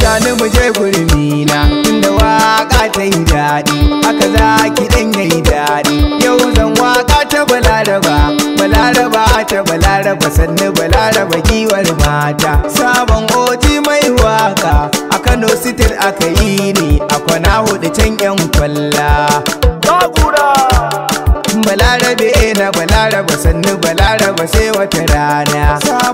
so mu je gurmi na Inda waka ta yi daɗi haka za ki ɗin yayi daɗi yau zan waka ta balaraba balaraba ta balaraba sannu balaraba giwar mata sabon oji mai waka a kano sitir aka yi ne a kwana hudu can yan kwalla balarabe na balaraba sannu balaraba sai wata rana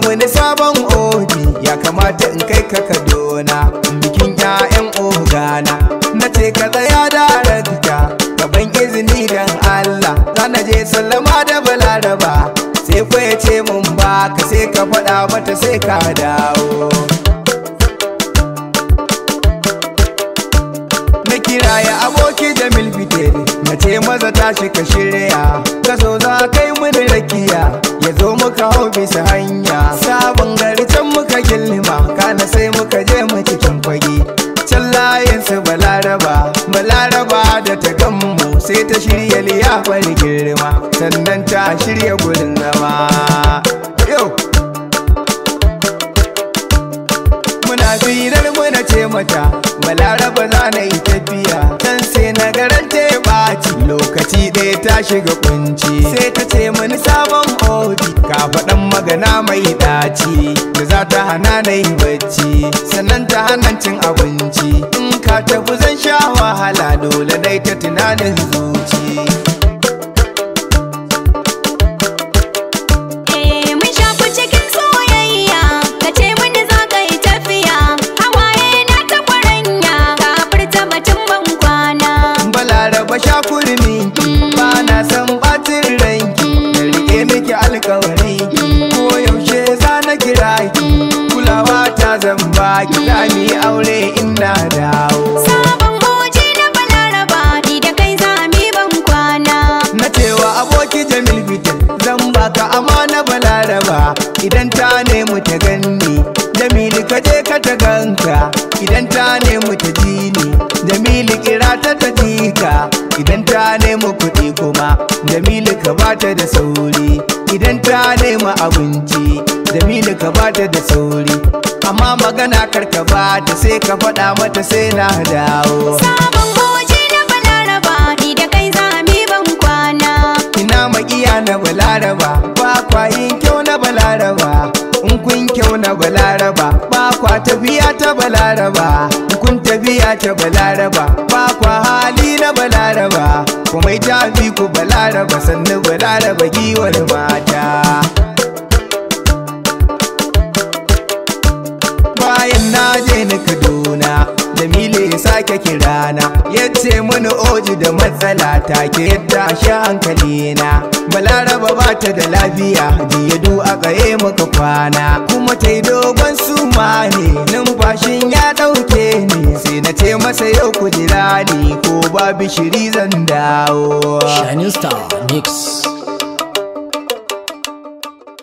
buɗe sabon odi ya kamata in kai ka kaduna bikin 'ya'yan ogana na ce ka tsaya darakta gaban izini don allah na je sallama da balaraba sai ku ya ce mun baka sai ka faɗa mata sai ka dawo na kiraya aboki jamil bitere na ce maza tashi ka shirya ka za kai mini rakiya ya zo muka hau bisa hanya sabon gari can muka gilma kana sai muka je mu cikin kwagi can su balaraba balaraba da ta gammu, sai ta shirya liyafar girma sannan ta shirya gudun zama yau muna firar muna ce mata balaraba za na yi tafiya lokaci ɗaya ta shiga kunci sai ta ce mani sabon odi ka faɗan magana mai ɗaci da za ta hana na yi bacci sannan ta hana cin abinci in ka tafi zan sha wahala dole dai ta tunanin zuci sha kurmi ba na san batin rai da rike miki alkawari ko yaushe za na kira ki kulawa ta zamba ba ki mi aure ina dawo sabon waje na balaraba ni da kai za ban kwana na cewa aboki jamil bitan zan baka amana balaraba idan ta nemi ta ganni jamil ka je ka ta ganka idan ta nemi ta jini bata da sauri idan ta nema abinci jamilu ka bata da sauri amma magana kar karka bata sai ka faɗa mata sai na dawo sabon goje na balaraba ni da kai zami ban kwana ina ma'iya na balaraba ba kwa yin kyau na balaraba in kun kyau na balaraba ba kwa tafiya ta balaraba kun tafiya ta balaraba ba kwa hali na balaraba kuma ita fi ku balaraba sannu balaraba giwar mata bayan na je na kaduna Jamilu ya sake kirana ya ce mini oji da matsala take yadda a sha hankali na balaraba ba ta da lafiya du a kaye maka kwana kuma ta yi dogon suma ne numfashin ya na ce masa yau ku jira ni ko ba bishiri zan dawo Shining Star Mix